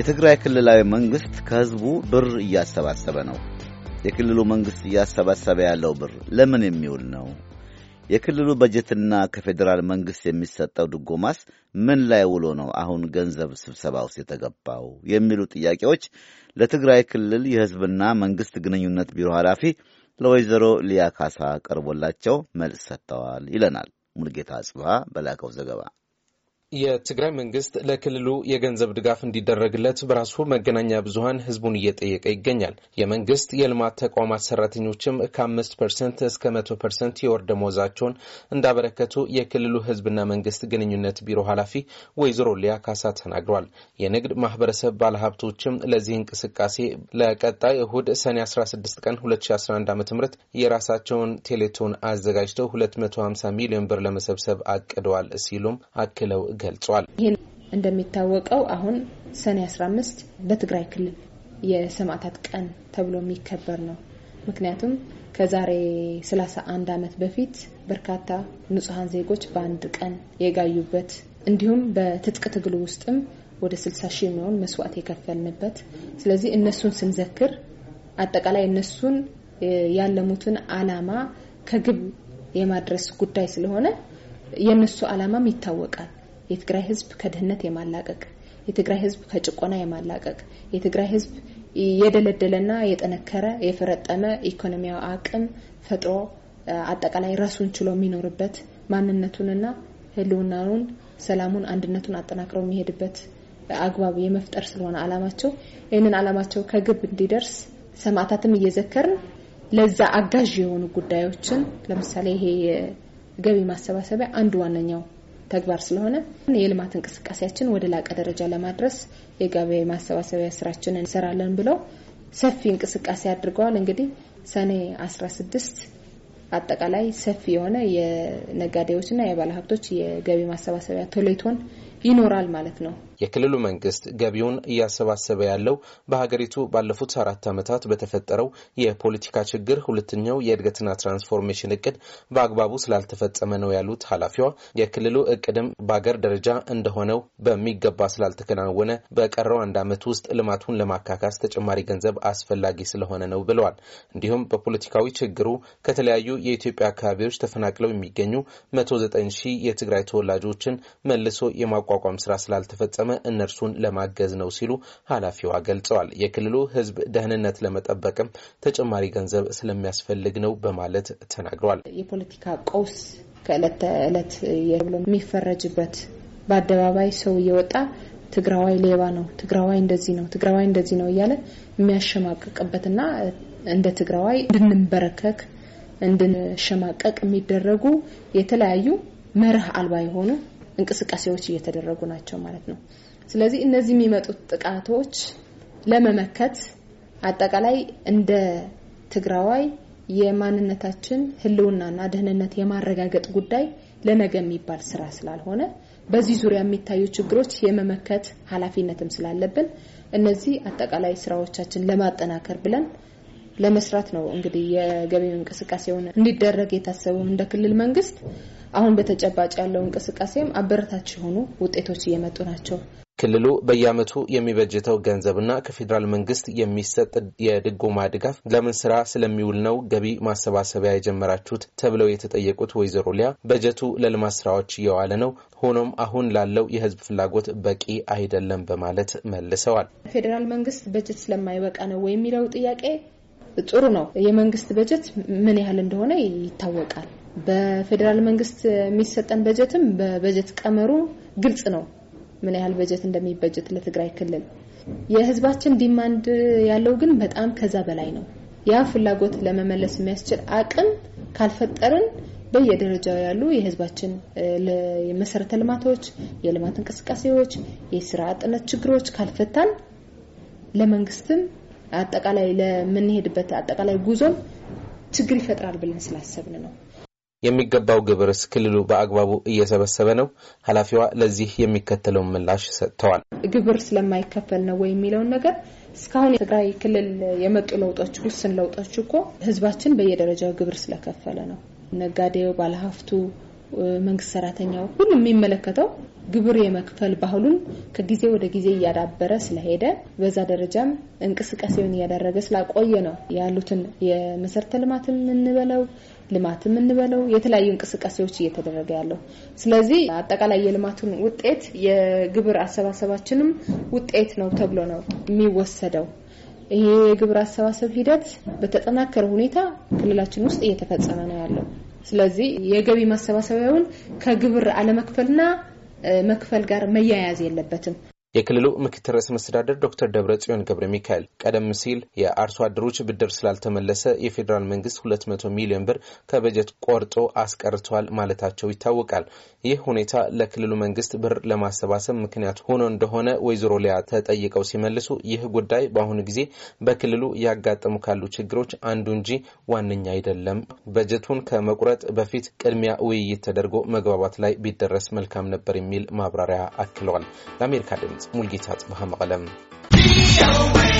የትግራይ ክልላዊ መንግስት ከህዝቡ ብር እያሰባሰበ ነው። የክልሉ መንግስት እያሰባሰበ ያለው ብር ለምን የሚውል ነው? የክልሉ በጀትና ከፌዴራል መንግስት የሚሰጠው ድጎማስ ምን ላይ ውሎ ነው አሁን ገንዘብ ስብሰባ ውስጥ የተገባው? የሚሉ ጥያቄዎች ለትግራይ ክልል የህዝብና መንግስት ግንኙነት ቢሮ ኃላፊ ለወይዘሮ ሊያ ካሳ ቀርቦላቸው መልስ ሰጥተዋል ይለናል ሙልጌታ አጽባ በላከው ዘገባ። የትግራይ መንግስት ለክልሉ የገንዘብ ድጋፍ እንዲደረግለት በራሱ መገናኛ ብዙሀን ህዝቡን እየጠየቀ ይገኛል። የመንግስት የልማት ተቋማት ሰራተኞችም ከአምስት ፐርሰንት እስከ መቶ ፐርሰንት የወር ደመወዛቸውን እንዳበረከቱ የክልሉ ህዝብና መንግስት ግንኙነት ቢሮ ኃላፊ ወይዘሮ ሊያ ካሳ ተናግሯል። የንግድ ማህበረሰብ ባለሀብቶችም ለዚህ እንቅስቃሴ ለቀጣይ እሁድ ሰኔ 16 ቀን 2011 ዓ ም የራሳቸውን ቴሌቶን አዘጋጅተው 250 ሚሊዮን ብር ለመሰብሰብ አቅደዋል ሲሉም አክለው ገልጿል። ይህን እንደሚታወቀው አሁን ሰኔ 15 በትግራይ ክልል የሰማዕታት ቀን ተብሎ የሚከበር ነው። ምክንያቱም ከዛሬ 31 ዓመት በፊት በርካታ ንጹሐን ዜጎች በአንድ ቀን የጋዩበት እንዲሁም በትጥቅ ትግል ውስጥም ወደ 60 ሺህ የሚሆን መስዋዕት የከፈልንበት ስለዚህ እነሱን ስንዘክር አጠቃላይ እነሱን ያለሙትን ዓላማ ከግብ የማድረስ ጉዳይ ስለሆነ የእነሱ ዓላማም ይታወቃል። የትግራይ ህዝብ ከድህነት የማላቀቅ የትግራይ ህዝብ ከጭቆና የማላቀቅ የትግራይ ህዝብ የደለደለና የጠነከረ የፈረጠመ ኢኮኖሚያዊ አቅም ፈጥሮ አጠቃላይ ራሱን ችሎ የሚኖርበት ማንነቱንና ህልውናውን፣ ሰላሙን፣ አንድነቱን አጠናክረው የሚሄድበት አግባብ የመፍጠር ስለሆነ አላማቸው ይህንን አላማቸው ከግብ እንዲደርስ ሰማዕታትም እየዘከርን ለዛ አጋዥ የሆኑ ጉዳዮችን ለምሳሌ ይሄ የገቢ ማሰባሰቢያ አንዱ ዋነኛው ተግባር ስለሆነ የልማት እንቅስቃሴያችን ወደ ላቀ ደረጃ ለማድረስ የገበያ ማሰባሰቢያ ስራችንን እንሰራለን ብለው ሰፊ እንቅስቃሴ አድርገዋል። እንግዲህ ሰኔ ስድስት አጠቃላይ ሰፊ የሆነ የነጋዴዎችና የባለሀብቶች የገቢ ማሰባሰቢያ ቶሌቶን ይኖራል ማለት ነው። የክልሉ መንግስት ገቢውን እያሰባሰበ ያለው በሀገሪቱ ባለፉት አራት ዓመታት በተፈጠረው የፖለቲካ ችግር ሁለተኛው የእድገትና ትራንስፎርሜሽን እቅድ በአግባቡ ስላልተፈጸመ ነው ያሉት ኃላፊዋ የክልሉ እቅድም በአገር ደረጃ እንደሆነው በሚገባ ስላልተከናወነ በቀረው አንድ ዓመት ውስጥ ልማቱን ለማካካስ ተጨማሪ ገንዘብ አስፈላጊ ስለሆነ ነው ብለዋል። እንዲሁም በፖለቲካዊ ችግሩ ከተለያዩ የኢትዮጵያ አካባቢዎች ተፈናቅለው የሚገኙ መቶ ዘጠኝ ሺህ የትግራይ ተወላጆችን መልሶ የማቋቋም ስራ ስላልተፈጸመ የተቋቋመ እነርሱን ለማገዝ ነው ሲሉ ኃላፊዋ ገልጸዋል። የክልሉ ህዝብ ደህንነት ለመጠበቅም ተጨማሪ ገንዘብ ስለሚያስፈልግ ነው በማለት ተናግሯል። የፖለቲካ ቀውስ ከእለት ተእለት ብሎ የሚፈረጅበት በአደባባይ ሰው እየወጣ ትግራዋይ ሌባ ነው፣ ትግራዋይ እንደዚህ ነው፣ ትግራዋይ እንደዚህ ነው እያለ የሚያሸማቅቅበትና እንደ ትግራዋይ እንድንበረከክ እንድንሸማቀቅ የሚደረጉ የተለያዩ መርህ አልባ የሆኑ እንቅስቃሴዎች እየተደረጉ ናቸው ማለት ነው። ስለዚህ እነዚህ የሚመጡት ጥቃቶች ለመመከት አጠቃላይ እንደ ትግራዋይ የማንነታችን ህልውናና ደህንነት የማረጋገጥ ጉዳይ ለነገ የሚባል ስራ ስላልሆነ በዚህ ዙሪያ የሚታዩ ችግሮች የመመከት ኃላፊነትም ስላለብን እነዚህ አጠቃላይ ስራዎቻችን ለማጠናከር ብለን ለመስራት ነው እንግዲህ የገቢ እንቅስቃሴውን እንዲደረግ የታሰበው እንደ ክልል መንግስት አሁን በተጨባጭ ያለው እንቅስቃሴም አበረታች የሆኑ ውጤቶች እየመጡ ናቸው። ክልሉ በየዓመቱ የሚበጅተው ገንዘብና ከፌዴራል መንግስት የሚሰጥ የድጎማ ድጋፍ ለምን ስራ ስለሚውል ነው ገቢ ማሰባሰቢያ የጀመራችሁት? ተብለው የተጠየቁት ወይዘሮ ሊያ በጀቱ ለልማት ስራዎች እየዋለ ነው፣ ሆኖም አሁን ላለው የህዝብ ፍላጎት በቂ አይደለም በማለት መልሰዋል። ፌዴራል መንግስት በጀት ስለማይበቃ ነው ወይ የሚለው ጥያቄ ጥሩ ነው። የመንግስት በጀት ምን ያህል እንደሆነ ይታወቃል። በፌዴራል መንግስት የሚሰጠን በጀትም በበጀት ቀመሩ ግልጽ ነው፣ ምን ያህል በጀት እንደሚበጀት ለትግራይ ክልል። የህዝባችን ዲማንድ ያለው ግን በጣም ከዛ በላይ ነው። ያ ፍላጎት ለመመለስ የሚያስችል አቅም ካልፈጠርን በየደረጃው ያሉ የህዝባችን የመሰረተ ልማቶች፣ የልማት እንቅስቃሴዎች፣ የስራ አጥነት ችግሮች ካልፈታን ለመንግስትም አጠቃላይ ለምንሄድበት አጠቃላይ ጉዞም ችግር ይፈጥራል ብለን ስላሰብን ነው። የሚገባው ግብርስ ክልሉ በአግባቡ እየሰበሰበ ነው? ኃላፊዋ ለዚህ የሚከተለውን ምላሽ ሰጥተዋል። ግብር ስለማይከፈል ነው ወይ የሚለውን ነገር እስካሁን የትግራይ ክልል የመጡ ለውጦች፣ ውስን ለውጦች እኮ ህዝባችን በየደረጃው ግብር ስለከፈለ ነው። ነጋዴው፣ ባለሀብቱ መንግስት ሰራተኛው፣ ሁሉም የሚመለከተው ግብር የመክፈል ባህሉን ከጊዜ ወደ ጊዜ እያዳበረ ስለሄደ በዛ ደረጃም እንቅስቃሴውን እያደረገ ስላቆየ ነው ያሉትን የመሰረተ ልማትም እንበለው ልማት እንበለው የተለያዩ እንቅስቃሴዎች እየተደረገ ያለው። ስለዚህ አጠቃላይ የልማቱን ውጤት የግብር አሰባሰባችንም ውጤት ነው ተብሎ ነው የሚወሰደው። ይሄ የግብር አሰባሰብ ሂደት በተጠናከረ ሁኔታ ክልላችን ውስጥ እየተፈጸመ ነው ያለው። ስለዚህ የገቢ ማሰባሰቢያውን ከግብር አለመክፈልና መክፈል ጋር መያያዝ የለበትም። የክልሉ ምክትል ርዕሰ መስተዳደር ዶክተር ደብረ ጽዮን ገብረ ሚካኤል ቀደም ሲል የአርሶ አደሮች ብድር ስላልተመለሰ የፌዴራል መንግስት ሁለት መቶ ሚሊዮን ብር ከበጀት ቆርጦ አስቀርተዋል ማለታቸው ይታወቃል። ይህ ሁኔታ ለክልሉ መንግስት ብር ለማሰባሰብ ምክንያት ሆኖ እንደሆነ ወይዘሮ ሊያ ተጠይቀው ሲመልሱ ይህ ጉዳይ በአሁኑ ጊዜ በክልሉ ያጋጠሙ ካሉ ችግሮች አንዱ እንጂ ዋነኛ አይደለም፣ በጀቱን ከመቁረጥ በፊት ቅድሚያ ውይይት ተደርጎ መግባባት ላይ ቢደረስ መልካም ነበር የሚል ማብራሪያ አክለዋል። ለአሜሪካ ድምጽ مولگی تصبح محمد قلم